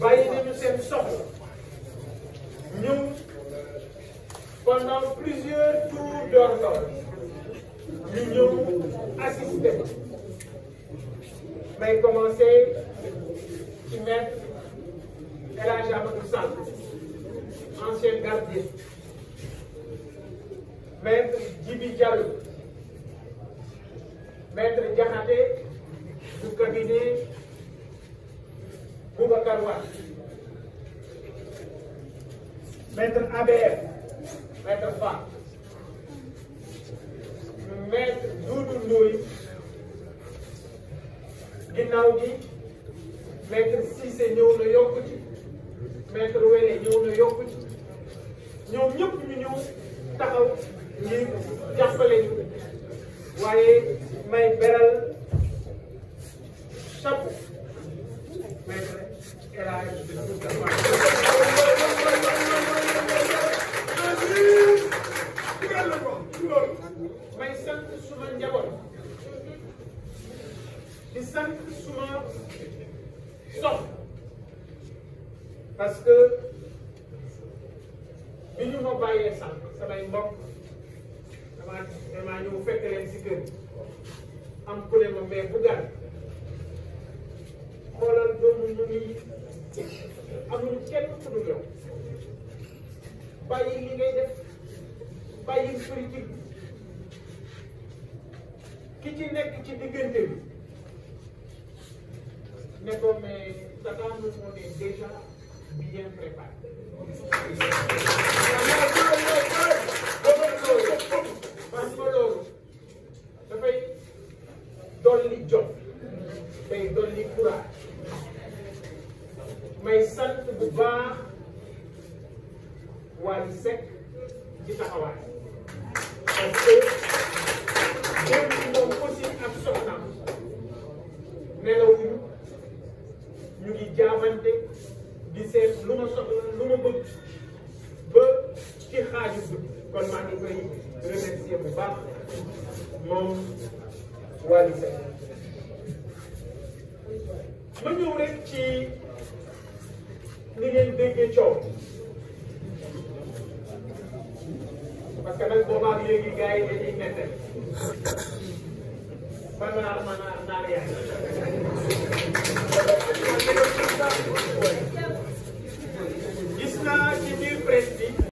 bàyyi nañu seen soxla ñëw pendant plusieurs tours d'horloge ñu ñëw assisté may commencé ci maître El Hadj Amadou Sall ancien gardien maître Djibi Diallo maître Diakhaté du cabinet Boubacar Wade maître ABF maître Fa maître Doudou Ndoye gi maître Cissé ñëw na yokku ci maître Wéré ñëw na yokku ci ñoom ñëpp ñu ñëw taxaw ngir jàppale ñu waaye may beral may sant suma njaboot di sant suma sox parce que bi ñu ma bàyyee sax samay mbokk damaa damaa ñëw fekk leen si am ku ne ma mais bu gàll xoolal doomu ñu xamuñu kenn ku dul yow bàyyi li ngay def bàyyi politique ki ci nekk ci diggante bi ne ko mais Dakar nous on est déjà bien préparé. parce que loolu dafay dolli jom day dolli courage. may sant bu baax Wally ci taxawaay parce que démb moom aussi ak soxnaam nelawuñu ñu ngi jaabante di seet lu ma soxla lu ma bëgg ba ci xaaju kon maa ngi koy remercier bu baax moom Wally Seck ma ñëw rek li ngeen déggee coow parce que nag boobaa léegi gars yi dañuy nette man naa man naa yaay